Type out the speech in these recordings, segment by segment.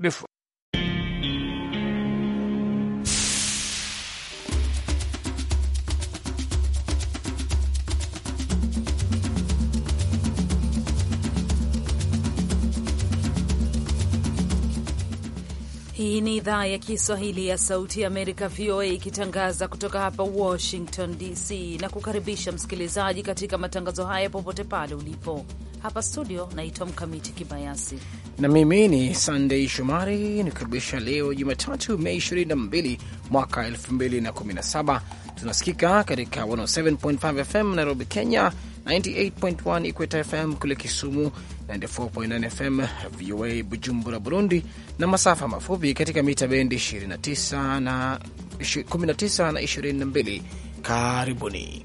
before Hii ni idhaa ya Kiswahili ya Sauti ya Amerika, VOA, ikitangaza kutoka hapa Washington DC na kukaribisha msikilizaji katika matangazo haya popote pale ulipo. Hapa studio naitwa Mkamiti Kibayasi na mimi ni Sandei Shomari nikukaribisha leo Jumatatu, Mei 22 mwaka 2017. Tunasikika katika 107.5 FM Nairobi, Kenya, 98.1 Ikweta FM kule Kisumu, 94.9 FM VOA Bujumbura, Burundi, na masafa mafupi katika mita bendi 29 na 19 na 22. Karibuni.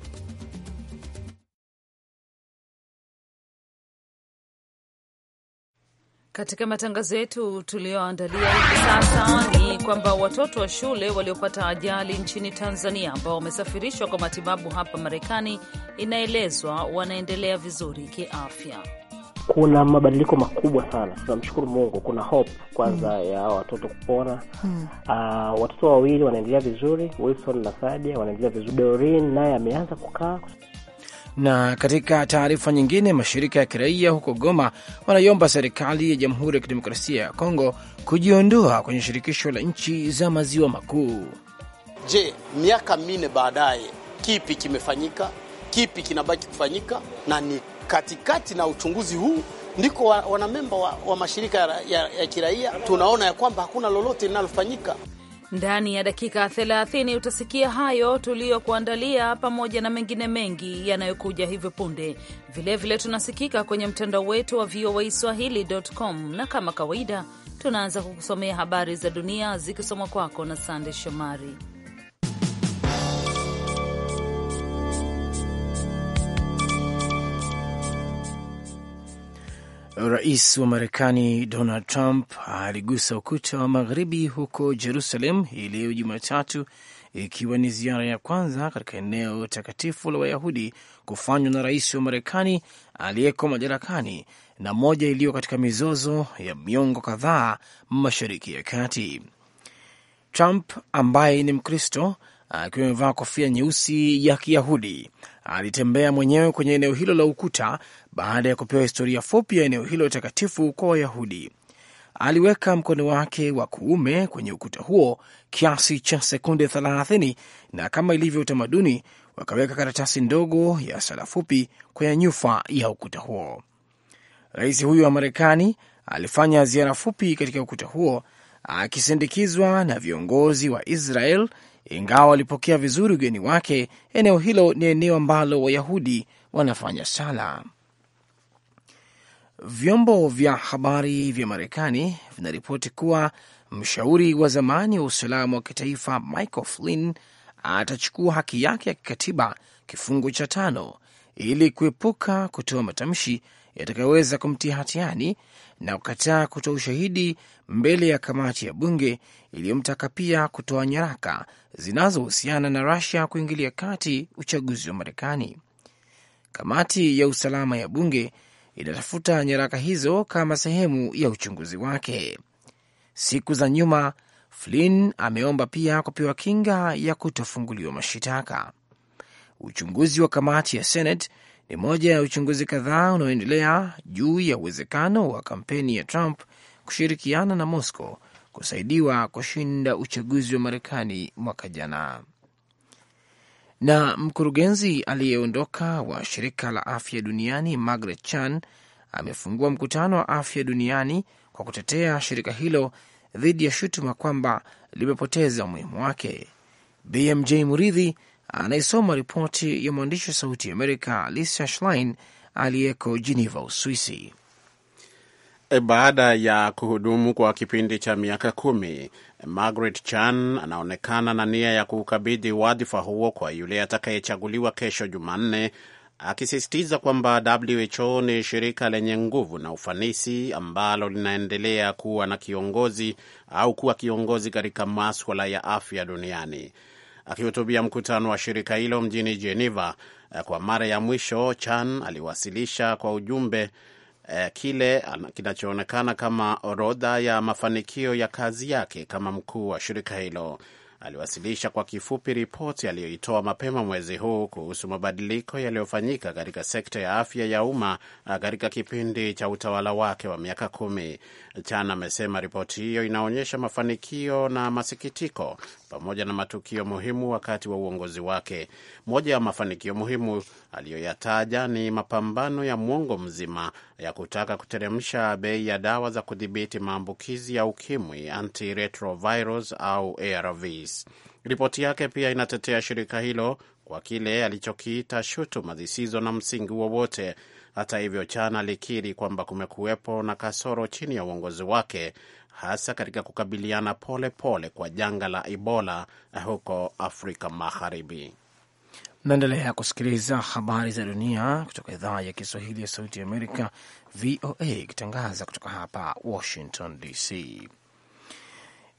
Katika matangazo yetu tuliyoandalia hivi sasa ni kwamba watoto wa shule waliopata ajali nchini Tanzania ambao wamesafirishwa kwa matibabu hapa Marekani inaelezwa wanaendelea vizuri kiafya kuna mabadiliko makubwa sana. Tunamshukuru Mungu, kuna hope kwanza mm. ya watoto kupona mm. Uh, watoto wawili wanaendelea vizuri, Wilson na Sadia wanaendelea vizuri, Dorin naye ameanza kukaa na katika taarifa nyingine, mashirika ya kiraia huko Goma wanaiomba serikali ya Jamhuri ya Kidemokrasia ya Kongo kujiondoa kwenye shirikisho la nchi za maziwa makuu. Je, miaka minne baadaye kipi kimefanyika? Kipi kinabaki kufanyika? Na ni katikati na uchunguzi huu ndiko wanamemba wa, wa mashirika ya, ya kiraia tunaona ya kwamba hakuna lolote linalofanyika. Ndani ya dakika 30 utasikia hayo tuliyokuandalia pamoja na mengine mengi yanayokuja hivi punde. Vilevile tunasikika kwenye mtandao wetu wa VOA Swahili.com, na kama kawaida tunaanza kukusomea habari za dunia zikisomwa kwako na Sande Shomari. Rais wa Marekani Donald Trump aligusa ukuta wa magharibi huko Jerusalem hii leo Jumatatu, ikiwa ni ziara ya kwanza katika eneo takatifu la Wayahudi kufanywa na rais wa Marekani aliyeko madarakani na moja iliyo katika mizozo ya miongo kadhaa Mashariki ya Kati. Trump ambaye ni Mkristo akiwa amevaa kofia nyeusi ya Kiyahudi alitembea mwenyewe kwenye eneo hilo la ukuta baada ya kupewa historia fupi ya eneo hilo takatifu kwa Wayahudi. Aliweka mkono wake wa kuume kwenye ukuta huo kiasi cha sekunde 30 na kama ilivyo utamaduni, wakaweka karatasi ndogo ya sala fupi kwenye nyufa ya ukuta huo. Rais huyo wa Marekani alifanya ziara fupi katika ukuta huo akisindikizwa na viongozi wa Israel. Ingawa walipokea vizuri ugeni wake, eneo hilo ni eneo ambalo Wayahudi wanafanya sala. Vyombo vya habari vya Marekani vinaripoti kuwa mshauri wa zamani wa usalama wa kitaifa Michael Flynn atachukua haki yake ya kikatiba kifungu cha tano ili kuepuka kutoa matamshi yatakayoweza kumtia hatiani na kukataa kutoa ushahidi mbele ya kamati ya bunge iliyomtaka pia kutoa nyaraka zinazohusiana na rasia kuingilia kati uchaguzi wa Marekani. Kamati ya usalama ya bunge inatafuta nyaraka hizo kama sehemu ya uchunguzi wake. Siku za nyuma, Flynn ameomba pia kupewa kinga ya kutofunguliwa mashitaka. Uchunguzi wa kamati ya Senate ni moja ya uchunguzi kadhaa unaoendelea juu ya uwezekano wa kampeni ya Trump kushirikiana na Moscow kusaidiwa kushinda uchaguzi wa Marekani mwaka jana. Na mkurugenzi aliyeondoka wa shirika la afya duniani Margaret Chan amefungua mkutano wa afya duniani kwa kutetea shirika hilo dhidi ya shutuma kwamba limepoteza umuhimu wake. BMJ Muridhi anayesoma ripoti ya mwandishi wa Sauti ya Amerika Lisa Schlein aliyeko Geneva, Uswisi. Eh, baada ya kuhudumu kwa kipindi cha miaka kumi, Margaret Chan anaonekana na nia ya kuukabidhi wadhifa huo kwa yule atakayechaguliwa kesho Jumanne, akisisitiza kwamba WHO ni shirika lenye nguvu na ufanisi ambalo linaendelea kuwa na kiongozi au kuwa kiongozi katika maswala ya afya duniani. Akihutubia mkutano wa shirika hilo mjini Geneva eh, kwa mara ya mwisho, Chan aliwasilisha kwa ujumbe eh, kile kinachoonekana kama orodha ya mafanikio ya kazi yake kama mkuu wa shirika hilo. Aliwasilisha kwa kifupi ripoti aliyoitoa mapema mwezi huu kuhusu mabadiliko yaliyofanyika katika sekta ya afya ya umma eh, katika kipindi cha utawala wake wa miaka kumi. Chan amesema ripoti hiyo inaonyesha mafanikio na masikitiko pamoja na matukio muhimu wakati wa uongozi wake. Moja ya mafanikio muhimu aliyoyataja ni mapambano ya mwongo mzima ya kutaka kuteremsha bei ya dawa za kudhibiti maambukizi ya ukimwi, antiretrovirus au ARVs. Ripoti yake pia inatetea shirika hilo kwa kile alichokiita shutuma zisizo na msingi wowote. Hata hivyo, Chan alikiri kwamba kumekuwepo na kasoro chini ya uongozi wake, hasa katika kukabiliana pole pole kwa janga la Ebola huko Afrika Magharibi. Naendelea kusikiliza habari za dunia kutoka idhaa ya Kiswahili ya Sauti ya Amerika, VOA, ikitangaza kutoka hapa Washington DC.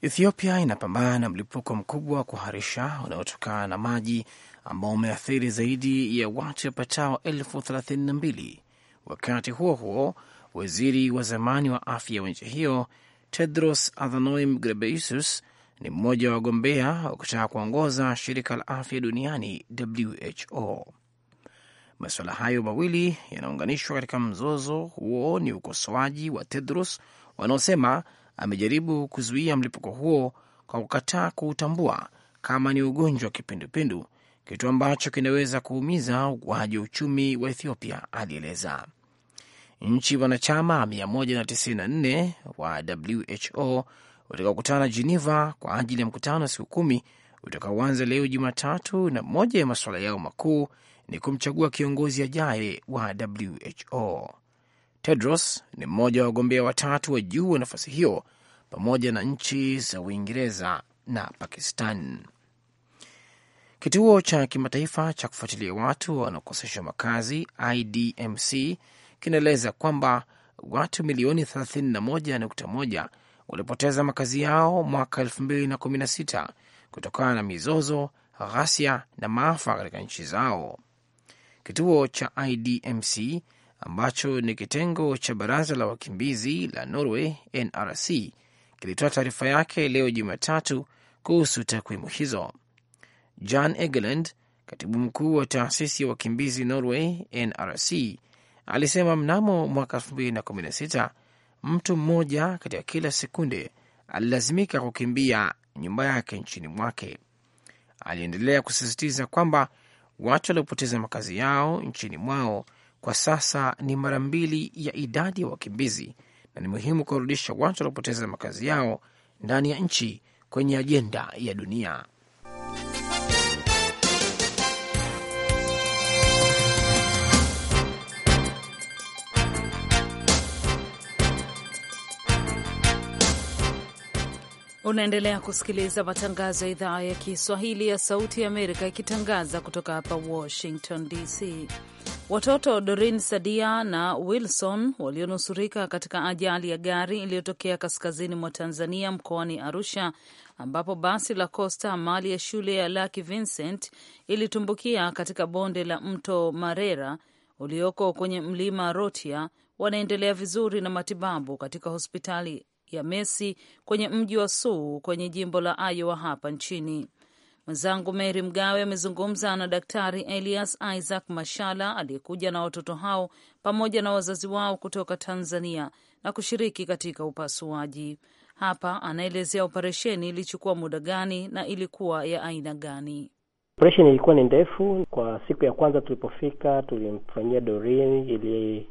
Ethiopia inapambana na mlipuko mkubwa wa kuharisha unaotokana na maji ambao umeathiri zaidi ya watu wapatao elfu thelathini na mbili. Wakati huo huo, waziri wa zamani wa afya wa nchi hiyo Tedros Adhanom Ghebreyesus ni mmoja wa wagombea wa kutaka kuongoza shirika la afya duniani WHO. Masuala hayo mawili yanaunganishwa katika mzozo huo ni ukosoaji wa Tedros wanaosema amejaribu kuzuia mlipuko huo kwa kukataa kuutambua kama ni ugonjwa wa kipindupindu, kitu ambacho kinaweza kuumiza ukuaji wa uchumi wa Ethiopia, alieleza. Nchi wanachama 194 wa WHO utakaokutana Geneva kwa ajili ya mkutano wa siku kumi utakaoanza leo Jumatatu, na moja ya masuala yao makuu ni kumchagua kiongozi ajaye wa WHO. Tedros ni mmoja wa wagombea watatu wa juu wa nafasi hiyo pamoja na nchi za Uingereza na Pakistan. Kituo cha kimataifa cha kufuatilia watu wanaokoseshwa makazi IDMC kinaeleza kwamba watu milioni 31.1 walipoteza makazi yao mwaka 2016 kutokana na mizozo, ghasia na maafa katika nchi zao. Kituo cha IDMC ambacho ni kitengo cha baraza la wakimbizi la Norway NRC kilitoa taarifa yake leo Jumatatu kuhusu takwimu hizo. Jan Egeland, katibu mkuu wa taasisi ya wakimbizi Norway NRC, alisema mnamo mwaka 2016 mtu mmoja katika kila sekunde alilazimika kukimbia nyumba yake nchini mwake. Aliendelea kusisitiza kwamba watu waliopoteza makazi yao nchini mwao kwa sasa ni mara mbili ya idadi ya wakimbizi na ni muhimu kuwarudisha watu waliopoteza makazi yao ndani ya nchi kwenye ajenda ya dunia. Unaendelea kusikiliza matangazo ya idhaa ya Kiswahili ya Sauti ya Amerika ikitangaza kutoka hapa Washington DC. Watoto Dorin Sadia na Wilson walionusurika katika ajali ya gari iliyotokea kaskazini mwa Tanzania mkoani Arusha, ambapo basi la Costa mali ya shule ya Lucky Vincent ilitumbukia katika bonde la mto Marera ulioko kwenye mlima Rotia, wanaendelea vizuri na matibabu katika hospitali ya Messi kwenye mji wa Suu kwenye jimbo la Iowa hapa nchini. Mwenzangu Mary Mgawe amezungumza na Daktari Elias Isaac Mashala aliyekuja na watoto hao pamoja na wazazi wao kutoka Tanzania na kushiriki katika upasuaji. Hapa anaelezea operesheni ilichukua muda gani na ilikuwa ya aina gani. Operesheni ilikuwa ni ndefu. Kwa siku ya kwanza tulipofika, tulimfanyia dorin ili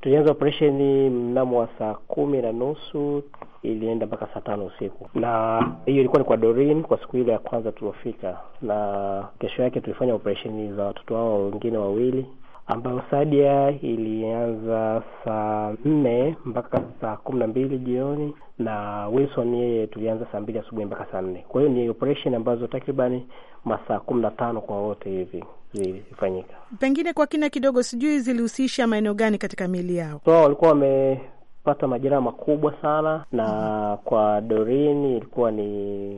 Tulianza operesheni mnamo wa saa kumi na nusu ilienda mpaka saa tano usiku, na hiyo ilikuwa ni kwa Dorin kwa siku ile ya kwanza tuliofika, na kesho yake tulifanya operesheni za watoto wao wengine wawili ambayo Sadia ilianza saa nne mpaka saa kumi na mbili jioni na Wilson yeye tulianza saa mbili asubuhi mpaka saa nne. Kwa hiyo ni operation ambazo takribani masaa kumi na tano kwa wote hivi zilifanyika. Pengine kwa kina kidogo, sijui zilihusisha maeneo gani katika miili yao? So, walikuwa wame pata majeraha makubwa sana na Kwa dorin ilikuwa ni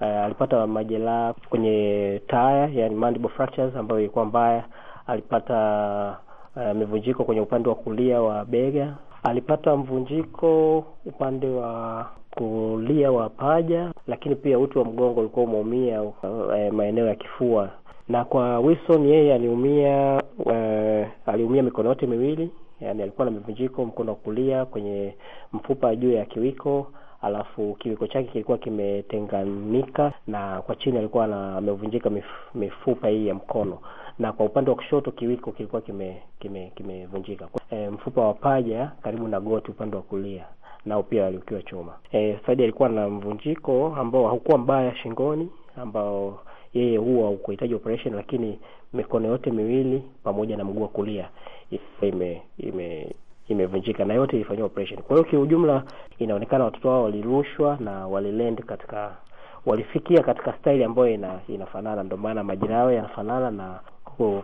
uh, alipata majeraha kwenye taya, yani mandible fractures ambayo ilikuwa mbaya alipata uh, eh, mivunjiko kwenye upande wa kulia wa bega, alipata mvunjiko upande wa kulia wa paja, lakini pia uti wa mgongo ulikuwa umeumia uh, uh, maeneo ya kifua. Na kwa Wilson yeye aliumia uh, aliumia mikono yote miwili, yani alikuwa na mivunjiko mkono wa kulia kwenye mfupa juu ya kiwiko alafu kiwiko chake kilikuwa kimetenganika na kwa chini alikuwa amevunjika mif, mifupa hii ya mkono na kwa upande wa kushoto kiwiko kilikuwa kimevunjika kime, kime e, mfupa wa paja karibu na goti upande wa kulia nao pia aliukiwa chuma. E, Saidi alikuwa na mvunjiko ambao haukuwa mbaya shingoni ambao yeye huwa ukuhitaji operation, lakini mikono yote miwili pamoja na mguu wa kulia ime- ime- imevunjika na yote ilifanyiwa operation. Kwa hiyo kiujumla, inaonekana watoto wao walirushwa na waliland katika walifikia katika staili ambayo ina, inafanana, ndio maana majina yao yanafanana na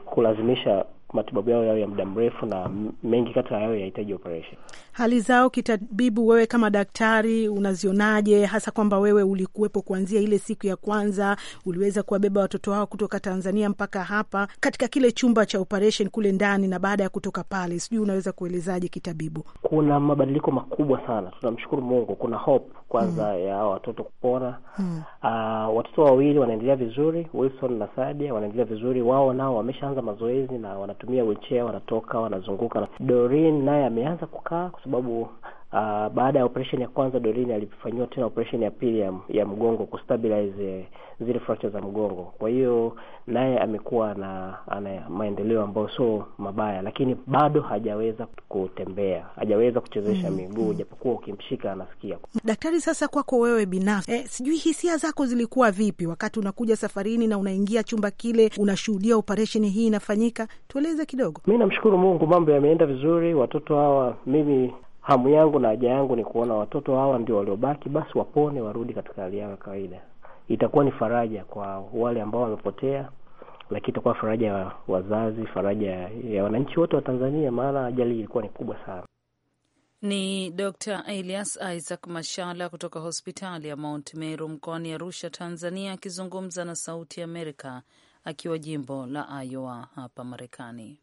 kulazimisha matibabu yao yao ya muda mrefu, na mengi kati yao yahitaji operation. Hali zao kitabibu, wewe kama daktari unazionaje, hasa kwamba wewe ulikuwepo kuanzia ile siku ya kwanza uliweza kuwabeba watoto wao kutoka Tanzania mpaka hapa katika kile chumba cha operation kule ndani, na baada ya kutoka pale, sijui unaweza kuelezaje kitabibu? Kuna mabadiliko makubwa sana, tunamshukuru Mungu. Kuna hope kwanza mm. ya watoto kupona mm. Uh, watoto wawili wanaendelea vizuri, Wilson na Sadia wanaendelea vizuri, wao nao wameshaanza mazoezi na wana wanatumia wheelchair wanatoka wanazunguka. Doreen naye ameanza kukaa kwa sababu Uh, baada ya operation ya kwanza dorini alifanyiwa tena operation ya pili ya, ya mgongo kustabilize eh, zile fracture za mgongo. Kwa hiyo naye amekuwa na ana maendeleo ambayo sio mabaya, lakini bado hajaweza kutembea, hajaweza kuchezesha mm -hmm. miguu, japokuwa ukimshika anasikia. Daktari, sasa kwako wewe binafsi eh, sijui hisia zako zilikuwa vipi wakati unakuja safarini na unaingia chumba kile, unashuhudia operation hii inafanyika? Tueleze kidogo. Mi namshukuru Mungu, mambo yameenda vizuri, watoto hawa mimi hamu yangu na haja yangu ni kuona watoto hawa ndio waliobaki, basi wapone, warudi katika hali yao ya kawaida. Itakuwa ni faraja kwa wale ambao wamepotea, lakini itakuwa faraja ya wazazi, faraja ya wananchi wote wa Tanzania, maana ajali ilikuwa ni kubwa sana. Ni Dr Elias Isaac Mashala kutoka hospitali ya Mount Meru mkoani Arusha, Tanzania, akizungumza na Sauti ya Amerika akiwa jimbo la Iowa hapa Marekani.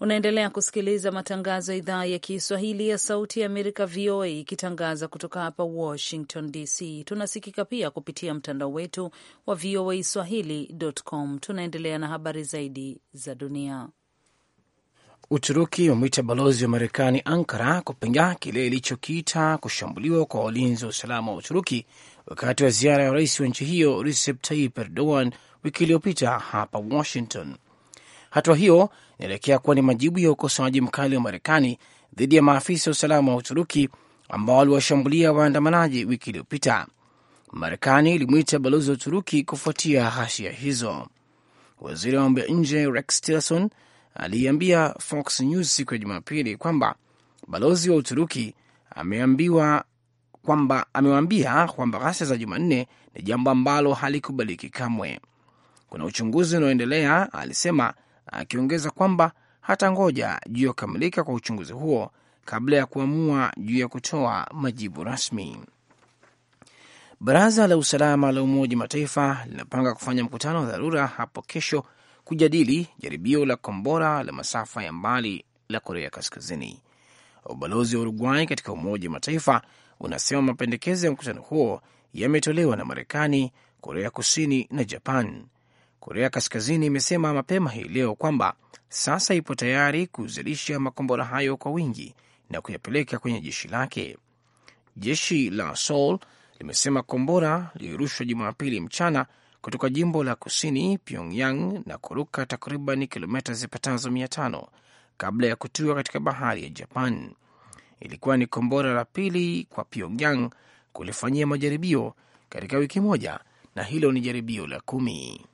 Unaendelea kusikiliza matangazo ya idhaa ya Kiswahili ya Sauti ya Amerika, VOA, ikitangaza kutoka hapa Washington DC. Tunasikika pia kupitia mtandao wetu wa VOA Swahili.com. Tunaendelea na habari zaidi za dunia. Uturuki wamwita balozi wa Marekani Ankara kupinga kile ilichokiita kushambuliwa kwa walinzi wa usalama wa Uturuki wakati wa ziara ya rais wa nchi hiyo Recep Tayyip Erdogan wiki iliyopita hapa Washington. Hatua hiyo inaelekea kuwa ni majibu ya ukosoaji mkali wa Marekani dhidi ya maafisa wa usalama wa Uturuki ambao waliwashambulia waandamanaji wiki iliyopita. Marekani ilimwita balozi wa Uturuki kufuatia ghasia hizo. Waziri wa mambo ya nje Rex Tillerson aliambia Fox News siku ya Jumapili kwamba balozi wa Uturuki ameambiwa kwamba amewaambia kwamba ghasia za Jumanne ni jambo ambalo halikubaliki kamwe. Kuna uchunguzi unaoendelea, alisema, akiongeza kwamba hata ngoja juu ya kukamilika kwa uchunguzi huo kabla ya kuamua juu ya kutoa majibu rasmi. Baraza la usalama la Umoja Mataifa linapanga kufanya mkutano wa dharura hapo kesho kujadili jaribio la kombora la masafa ya mbali la Korea Kaskazini. Ubalozi wa Uruguay katika Umoja Mataifa unasema mapendekezo ya mkutano huo yametolewa na Marekani, Korea Kusini na Japan, Korea Kaskazini imesema mapema hii leo kwamba sasa ipo tayari kuzalisha makombora hayo kwa wingi na kuyapeleka kwenye jeshi lake. Jeshi la Seoul limesema kombora lilirushwa Jumapili mchana kutoka jimbo la kusini Pyongyang na kuruka takriban kilomita zipatazo mia tano kabla ya kutua katika bahari ya Japan. Ilikuwa ni kombora la pili kwa Pyongyang kulifanyia majaribio katika wiki moja, na hilo ni jaribio la kumi.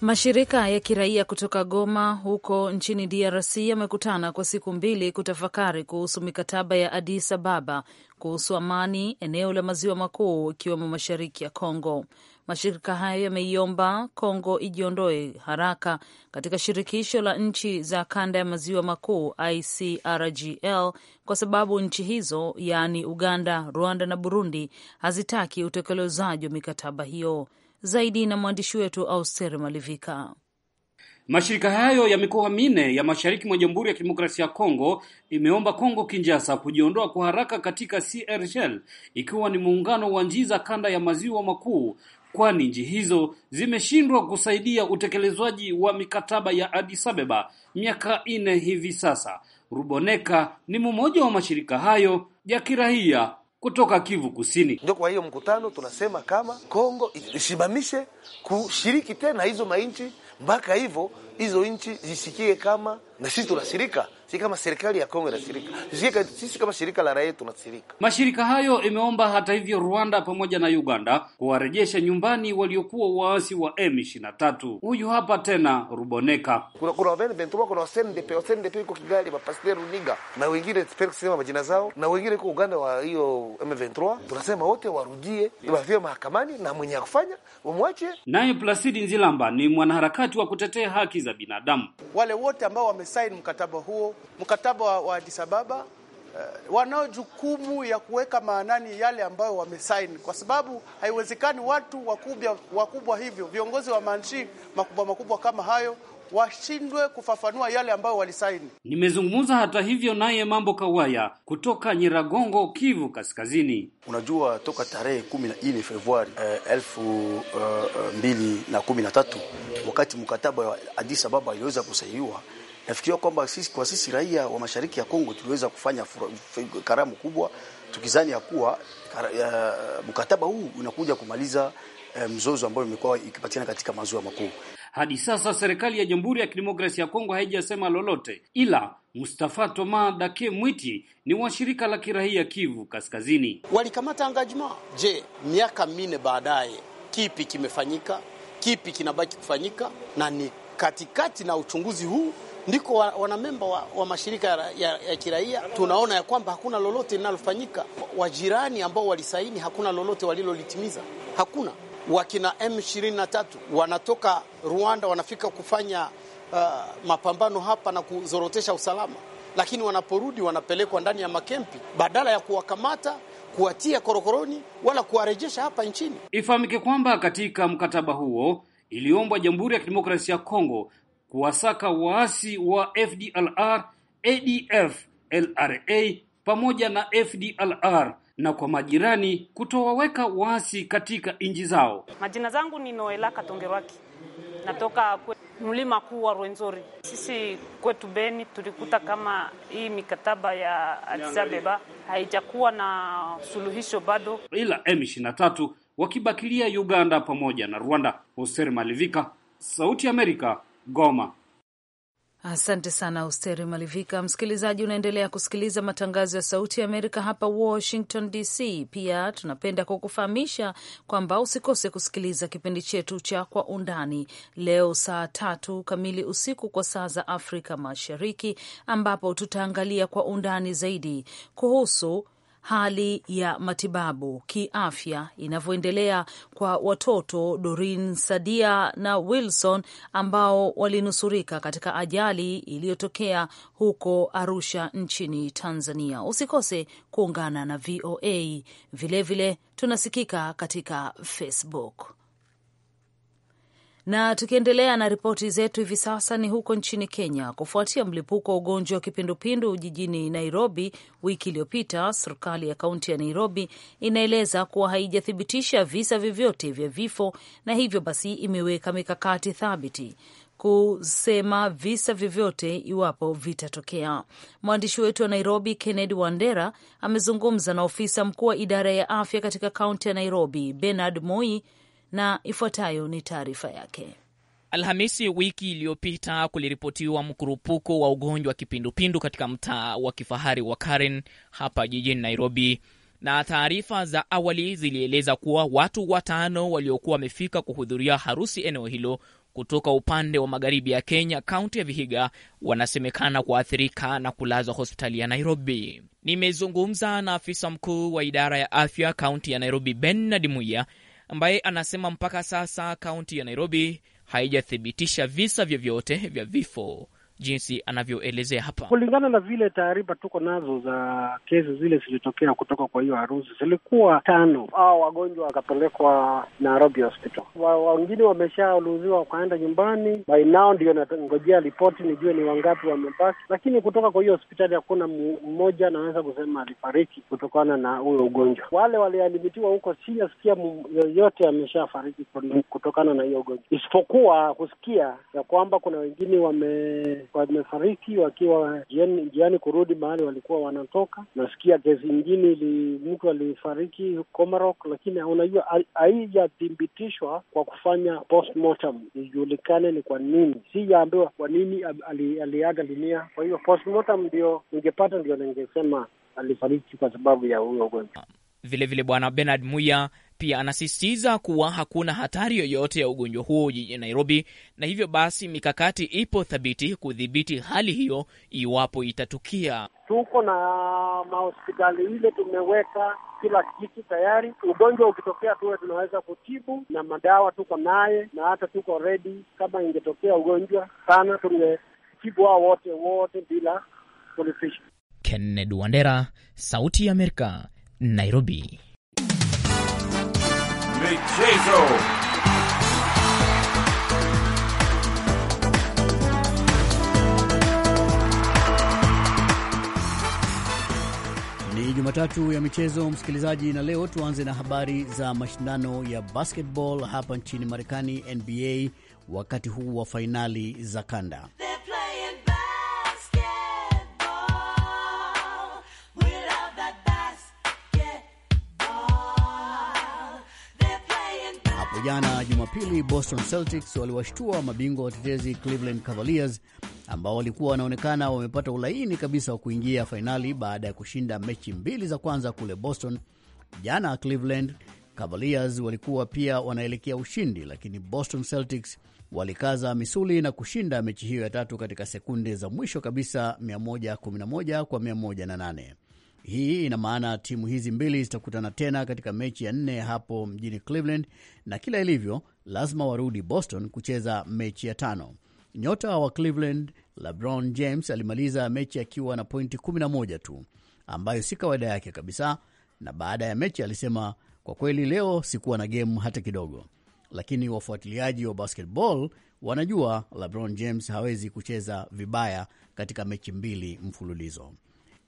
Mashirika ya kiraia kutoka Goma huko nchini DRC yamekutana kwa siku mbili kutafakari kuhusu mikataba ya Addis Ababa kuhusu amani eneo la maziwa makuu ikiwemo mashariki ya congo Mashirika hayo yameiomba Kongo ijiondoe haraka katika shirikisho la nchi za kanda ya maziwa makuu ICRGL kwa sababu nchi hizo yaani Uganda, Rwanda na Burundi hazitaki utekelezaji wa mikataba hiyo. Zaidi na mwandishi wetu Auster Malivika. Mashirika hayo ya mikoa minne ya mashariki mwa Jamhuri ya Kidemokrasia ya Kongo imeomba Kongo kinjasa kujiondoa kwa haraka katika CRGL ikiwa ni muungano wa njii za kanda ya maziwa makuu kwani nchi hizo zimeshindwa kusaidia utekelezwaji wa mikataba ya Addis Ababa miaka nne hivi sasa. Ruboneka ni mmoja wa mashirika hayo ya kiraia kutoka Kivu Kusini. Ndio kwa hiyo mkutano tunasema kama Kongo isimamishe kushiriki tena hizo mainchi mpaka hivyo hizo nchi zisikie kama na sisi tunashirika si kama serikali ya Kongo inasirika, sisi kama shirika la raia tunashirika. Mashirika hayo imeomba hata hivyo Rwanda pamoja na Uganda kuwarejesha nyumbani waliokuwa waasi wa M23. Huyu hapa tena Ruboneka, kuna kuna wavene bentuwa kuna wasende wasende iko Kigali, mapaste Runiga na wengine sipenda kusema majina zao, na wengine kwa Uganda wa hiyo M23. Tunasema wote warudie wafie mahakamani na mwenye akufanya wamwache. Naye plasidi Nzilamba ni mwanaharakati wa kutetea haki za binadamu. Wale wote ambao wamesaini mkataba huo mkataba wa, wa Addis Ababa Uh, wanao jukumu ya kuweka maanani yale ambayo wamesaini, kwa sababu haiwezekani watu wakubwa, wakubwa hivyo viongozi wa manchi makubwa makubwa kama hayo washindwe kufafanua yale ambayo walisaini. Nimezungumza hata hivyo naye Mambo Kawaya kutoka Nyiragongo, Kivu Kaskazini. Unajua, toka tarehe kumi na nne Februari eh, elfu eh, eh, mbili na kumi na tatu wakati mkataba wa Addis Ababa iliweza kusainiwa nafikiria kwamba sisi, kwa sisi raia wa mashariki ya Kongo tuliweza kufanya karamu kubwa tukizani ya kuwa uh, mkataba huu unakuja kumaliza eh, mzozo ambayo imekuwa ikipatikana katika maziwa makuu. Hadi sasa serikali ya Jamhuri ya Kidemokrasia ya Kongo haijasema lolote, ila Mustafa Toma Dake Mwiti ni wa shirika la kiraia Kivu Kaskazini. Walikamata angajima. Je, miaka minne baadaye kipi kimefanyika? Kipi kinabaki kufanyika? Na ni katikati na uchunguzi huu ndiko wanamemba wa, wa mashirika ya, ya kiraia tunaona ya kwamba hakuna lolote linalofanyika. Wajirani ambao walisaini hakuna lolote walilolitimiza, hakuna. Wakina M23 wanatoka Rwanda wanafika kufanya uh, mapambano hapa na kuzorotesha usalama, lakini wanaporudi wanapelekwa ndani ya makempi badala ya kuwakamata kuwatia korokoroni wala kuwarejesha hapa nchini. Ifahamike kwamba katika mkataba huo iliombwa Jamhuri ya Kidemokrasia ya Kongo kuwasaka waasi wa FDLR, ADF, LRA pamoja na FDLR na kwa majirani kutowaweka waasi katika nchi zao. Majina zangu ni Noela Katongerwaki, natoka mlima kuu wa Rwenzori. Sisi kwetu Beni tulikuta kama hii mikataba ya Addis Ababa haijakuwa na suluhisho bado, ila M23 wakibakilia Uganda pamoja na Rwanda. Hoser Malivika, Sauti ya Amerika, Goma. Asante sana Austeri Malivika. Msikilizaji, unaendelea kusikiliza matangazo ya Sauti ya Amerika hapa Washington DC. Pia tunapenda kukufahamisha kwamba usikose kusikiliza kipindi chetu cha Kwa Undani leo saa tatu kamili usiku kwa saa za Afrika Mashariki, ambapo tutaangalia kwa undani zaidi kuhusu hali ya matibabu kiafya inavyoendelea kwa watoto Dorin Sadia na Wilson ambao walinusurika katika ajali iliyotokea huko Arusha nchini Tanzania. Usikose kuungana na VOA vilevile vile, tunasikika katika Facebook. Na tukiendelea na ripoti zetu hivi sasa ni huko nchini Kenya, kufuatia mlipuko wa ugonjwa wa kipindupindu jijini Nairobi wiki iliyopita, serikali ya kaunti ya Nairobi inaeleza kuwa haijathibitisha visa vyovyote vya vifo, na hivyo basi imeweka mikakati thabiti kusema visa vyovyote iwapo vitatokea. Mwandishi wetu wa Nairobi, Kennedy Wandera, amezungumza na ofisa mkuu wa idara ya afya katika kaunti ya Nairobi, Bernard Moi, na ifuatayo ni taarifa yake. Alhamisi wiki iliyopita kuliripotiwa mkurupuko wa ugonjwa wa kipindupindu katika mtaa wa kifahari wa Karen hapa jijini Nairobi, na taarifa za awali zilieleza kuwa watu watano waliokuwa wamefika kuhudhuria harusi eneo hilo kutoka upande wa magharibi ya Kenya, kaunti ya Vihiga, wanasemekana kuathirika na kulazwa hospitali ya Nairobi. Nimezungumza na afisa mkuu wa idara ya afya kaunti ya Nairobi, Benard Muya, ambaye anasema mpaka sasa kaunti ya Nairobi haijathibitisha visa vyovyote vya vifo jinsi anavyoelezea hapa. Kulingana na vile taarifa tuko nazo za kesi zile zilitokea kutoka kwa hiyo harusi, zilikuwa tano. au wagonjwa wakapelekwa Nairobi Hospital, wengine wa, wameshaluziwa wakaenda nyumbani. By now ndio nangojea ripoti nijue ni wangapi wamebaki, lakini kutoka kwa hiyo hospitali hakuna mmoja anaweza kusema alifariki kutokana na huyo ugonjwa. Wale waliadimitiwa huko, sijasikia yoyote ameshafariki kutokana na hiyo ugonjwa, isipokuwa kusikia ya kwamba kuna wengine wame wamefariki wakiwa jiani, kurudi mahali walikuwa wanatoka. Nasikia kesi ingine ili mtu alifariki Komarok, lakini unajua haijathibitishwa kwa kufanya postmortem ijulikane ni kwa nini, sijaambiwa kwa nini aliaga dunia. Kwa hiyo postmortem ndio ningepata, ndio ningesema alifariki kwa sababu ya huyo ugonjwa. Vilevile Bwana Bernard Muya pia anasisitiza kuwa hakuna hatari yoyote ya ugonjwa huo jijini Nairobi, na hivyo basi mikakati ipo thabiti kudhibiti hali hiyo iwapo itatukia. Tuko na mahospitali ile, tumeweka kila kitu tayari. Ugonjwa ukitokea, tuwe tunaweza kutibu na madawa tuko naye, na hata tuko redi Kama ingetokea ugonjwa sana, tungetibu hao wote wote bila kulipisha. Kennedy Wandera, Sauti ya Amerika, Nairobi michezo. Ni Jumatatu ya michezo, msikilizaji, na leo tuanze na habari za mashindano ya basketball hapa nchini Marekani, NBA, wakati huu wa fainali za kanda jana Jumapili, Boston Celtics waliwashtua mabingwa watetezi Cleveland Cavaliers ambao walikuwa wanaonekana wamepata ulaini kabisa wa kuingia fainali baada ya kushinda mechi mbili za kwanza kule Boston. Jana Cleveland Cavaliers walikuwa pia wanaelekea ushindi, lakini Boston Celtics walikaza misuli na kushinda mechi hiyo ya tatu katika sekunde za mwisho kabisa, 111 kwa 108. Hii ina maana timu hizi mbili zitakutana tena katika mechi ya nne hapo mjini Cleveland, na kila ilivyo, lazima warudi Boston kucheza mechi ya tano. Nyota wa Cleveland LeBron James alimaliza mechi akiwa na pointi 11 tu, ambayo si kawaida yake kabisa, na baada ya mechi alisema, kwa kweli leo sikuwa na gemu hata kidogo, lakini wafuatiliaji wa basketball wanajua LeBron James hawezi kucheza vibaya katika mechi mbili mfululizo.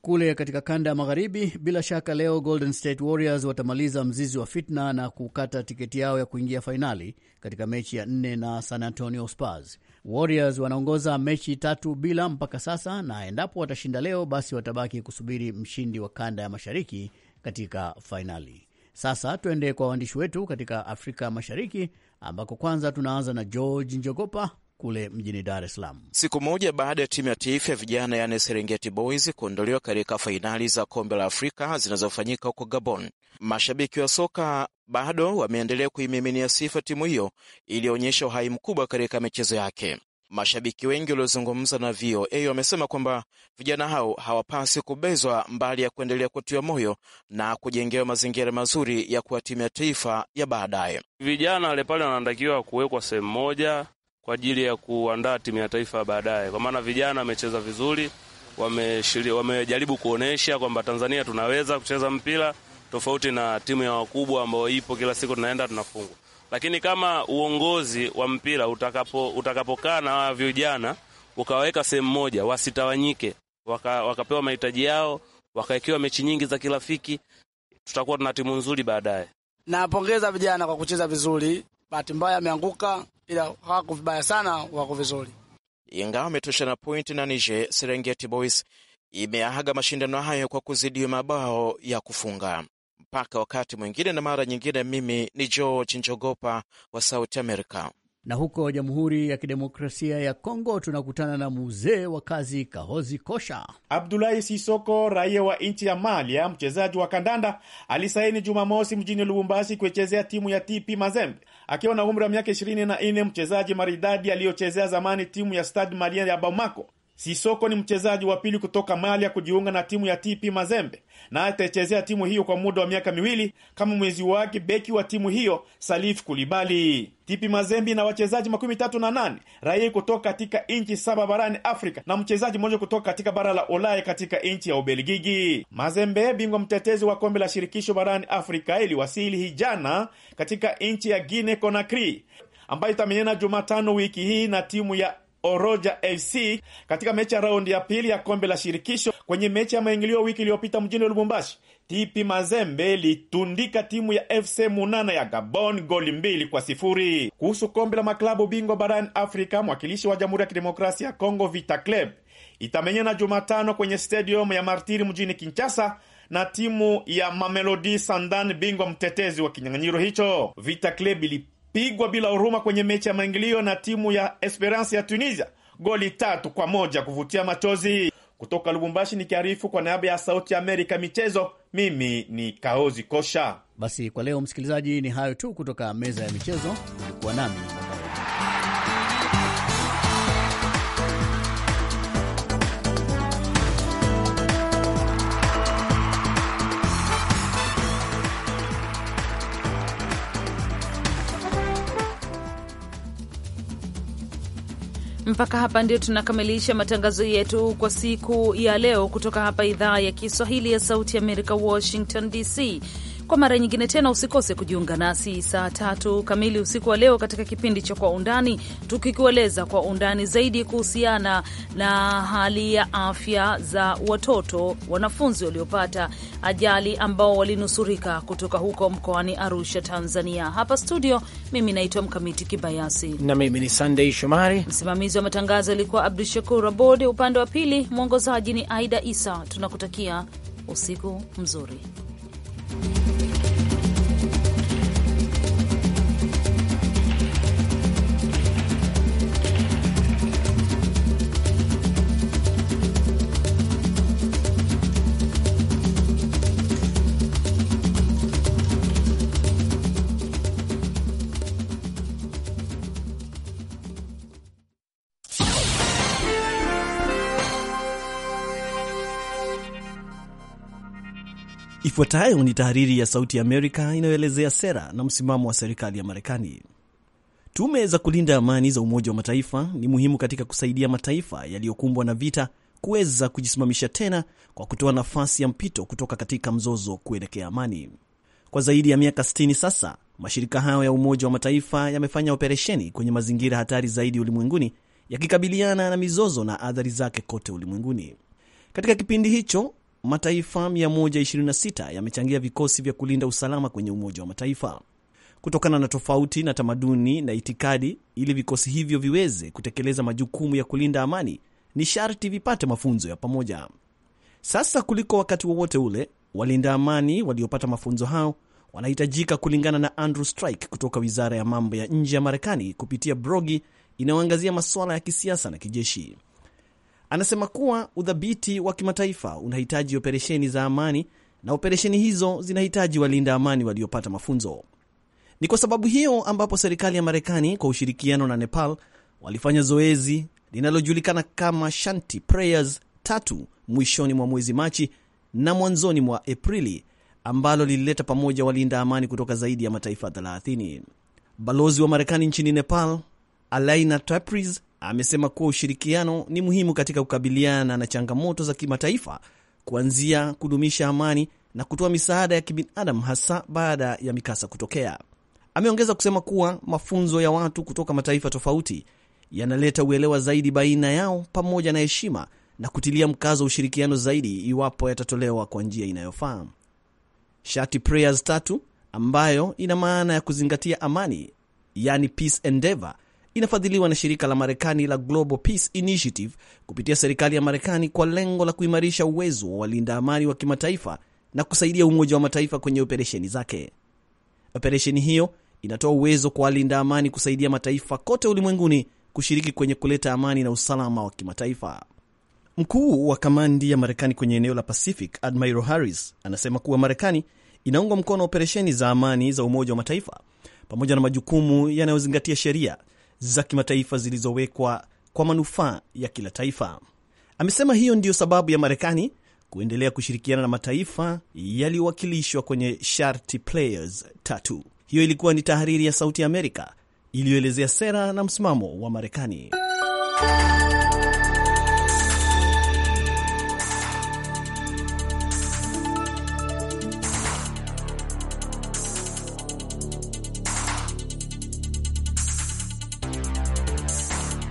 Kule katika kanda ya magharibi, bila shaka leo Golden State Warriors watamaliza mzizi wa fitna na kukata tiketi yao ya kuingia fainali katika mechi ya nne na San Antonio Spurs. Warriors wanaongoza mechi tatu bila mpaka sasa, na endapo watashinda leo, basi watabaki kusubiri mshindi wa kanda ya mashariki katika fainali. Sasa tuende kwa waandishi wetu katika Afrika Mashariki, ambako kwanza tunaanza na George Njogopa kule mjini Dar es Salaam. Siku moja baada ya timu ya taifa ya vijana yani Serengeti Boys kuondolewa katika fainali za kombe la Afrika zinazofanyika huko Gabon, mashabiki wa soka bado wameendelea kuimiminia sifa timu hiyo iliyoonyesha uhai mkubwa katika michezo yake. Mashabiki wengi waliozungumza na VOA wamesema kwamba vijana hao hawapasi kubezwa, mbali ya kuendelea kutiwa moyo na kujengewa mazingira mazuri ya kuwa timu ya taifa ya baadaye. Vijana wale pale wanatakiwa kuwekwa sehemu moja, kwa ajili ya kuandaa timu ya taifa baadaye, kwa maana vijana wamecheza vizuri, wamejaribu wame kuonyesha kwamba Tanzania tunaweza kucheza mpira tofauti na timu ya wakubwa ambayo ipo kila siku tunaenda tunafungwa. Lakini kama uongozi wa mpira utakapo utakapokaa na vijana ukawaweka sehemu moja, wasitawanyike, waka, wakapewa mahitaji yao, wakawekewa mechi nyingi za kirafiki, tutakuwa tuna timu nzuri baadaye. Napongeza vijana kwa kucheza vizuri, bahati mbaya ameanguka ila hawako vibaya sana, wako vizuri. Ingawa ametoshana pointi na nige Serengeti Boys imeaga mashindano hayo kwa kuzidiwa mabao ya kufunga. Mpaka wakati mwingine na mara nyingine, mimi ni George Njogopa wa Sauti america Na huko Jamhuri ya Kidemokrasia ya Kongo tunakutana na mzee wa kazi Kahozi Kosha. Abdulahi Sisoko, raia wa nchi ya Mali, mchezaji wa kandanda, alisaini Jumamosi mjini Lubumbashi kuichezea timu ya TP Mazembe akiwa na umri wa miaka ishirini na nne, mchezaji maridadi aliyochezea zamani timu ya Stade Malien ya Bamako Sisoko ni mchezaji wa pili kutoka Mali ya kujiunga na timu ya TP Mazembe naye ataichezea timu hiyo kwa muda wa miaka miwili kama mwezi wake beki wa timu hiyo Salif Kulibali. TP Mazembe ina wachezaji makumi tatu na nane raia kutoka katika nchi saba barani Afrika na mchezaji mmoja kutoka katika bara la Ulaya katika nchi ya Ubelgiji. Mazembe, bingwa mtetezi wa kombe la shirikisho barani Afrika, iliwasili hijana katika nchi ya guine Conakry ambayo itamenyana Jumatano wiki hii na timu ya Oroja FC katika mechi ya raundi ya pili ya kombe la shirikisho. Kwenye mechi ya maingilio wiki iliyopita mjini Lubumbashi, TP Mazembe litundika timu ya FC Munana ya Gabon goli mbili kwa sifuri. Kuhusu kombe la maklabu bingwa barani Afrika, mwakilishi wa Jamhuri ya Kidemokrasia ya Kongo Vita Club itamenyana Jumatano kwenye stadium ya Martiri mjini Kinshasa na timu ya Mamelodi sandan bingwa mtetezi wa kinyang'anyiro hicho. Vita Club kupigwa bila huruma kwenye mechi ya maingilio na timu ya Esperance ya Tunisia goli tatu kwa moja kuvutia machozi. Kutoka Lubumbashi nikiarifu kwa niaba ya Sauti ya Amerika michezo, mimi ni Kaozi Kosha. Basi kwa leo msikilizaji, ni hayo tu kutoka meza ya michezo. Ulikuwa nami Mpaka hapa ndio tunakamilisha matangazo yetu kwa siku ya leo kutoka hapa idhaa ya Kiswahili ya Sauti ya Amerika, Washington DC. Kwa mara nyingine tena, usikose kujiunga nasi saa tatu kamili usiku wa leo katika kipindi cha Kwa Undani, tukikueleza kwa undani zaidi kuhusiana na hali ya afya za watoto wanafunzi waliopata ajali ambao walinusurika kutoka huko mkoani Arusha, Tanzania. Hapa studio, mimi naitwa Mkamiti Kibayasi na mimi ni Sandei Shomari. Msimamizi wa matangazo alikuwa Abdu Shakur Abod, upande wa pili mwongozaji ni Aida Isa. Tunakutakia usiku mzuri. Ifuatayo ni tahariri ya Sauti ya Amerika inayoelezea sera na msimamo wa serikali ya Marekani. Tume za kulinda amani za Umoja wa Mataifa ni muhimu katika kusaidia mataifa yaliyokumbwa na vita kuweza kujisimamisha tena kwa kutoa nafasi ya mpito kutoka katika mzozo kuelekea amani. Kwa zaidi ya miaka 60 sasa, mashirika hayo ya Umoja wa Mataifa yamefanya operesheni kwenye mazingira hatari zaidi ulimwenguni, yakikabiliana na mizozo na athari zake kote ulimwenguni. Katika kipindi hicho mataifa 126 yamechangia vikosi vya kulinda usalama kwenye Umoja wa Mataifa. Kutokana na tofauti na tamaduni na itikadi, ili vikosi hivyo viweze kutekeleza majukumu ya kulinda amani, ni sharti vipate mafunzo ya pamoja. Sasa kuliko wakati wowote wa ule, walinda amani waliopata mafunzo hao wanahitajika, kulingana na Andrew Strike kutoka wizara ya mambo ya nje ya Marekani kupitia blogi inayoangazia masuala ya kisiasa na kijeshi. Anasema kuwa udhabiti wa kimataifa unahitaji operesheni za amani na operesheni hizo zinahitaji walinda amani waliopata mafunzo. Ni kwa sababu hiyo ambapo serikali ya Marekani kwa ushirikiano na Nepal walifanya zoezi linalojulikana kama Shanti Prayers tatu mwishoni mwa mwezi Machi na mwanzoni mwa Aprili, ambalo lilileta pamoja walinda amani kutoka zaidi ya mataifa 30. Balozi wa Marekani nchini Nepal Alaina Tapris amesema kuwa ushirikiano ni muhimu katika kukabiliana na changamoto za kimataifa, kuanzia kudumisha amani na kutoa misaada ya kibinadamu, hasa baada ya mikasa kutokea. Ameongeza kusema kuwa mafunzo ya watu kutoka mataifa tofauti yanaleta uelewa zaidi baina yao pamoja na heshima na kutilia mkazo wa ushirikiano zaidi iwapo yatatolewa kwa njia inayofaa. Shati Prayers tatu ambayo ina maana ya kuzingatia amani, yani peace endeavor, inafadhiliwa na shirika la Marekani la Global Peace Initiative kupitia serikali ya Marekani kwa lengo la kuimarisha uwezo wa walinda amani wa kimataifa na kusaidia Umoja wa Mataifa kwenye operesheni zake. Operesheni hiyo inatoa uwezo kwa walinda amani kusaidia mataifa kote ulimwenguni kushiriki kwenye kuleta amani na usalama wa kimataifa. Mkuu wa kamandi ya Marekani kwenye eneo la Pacific, Admiral Harris, anasema kuwa Marekani inaunga mkono operesheni za amani za Umoja wa Mataifa pamoja na majukumu yanayozingatia sheria, za kimataifa zilizowekwa kwa manufaa ya kila taifa. Amesema hiyo ndiyo sababu ya Marekani kuendelea kushirikiana na mataifa yaliyowakilishwa kwenye sharti players tatu. Hiyo ilikuwa ni tahariri ya Sauti ya Amerika iliyoelezea sera na msimamo wa Marekani.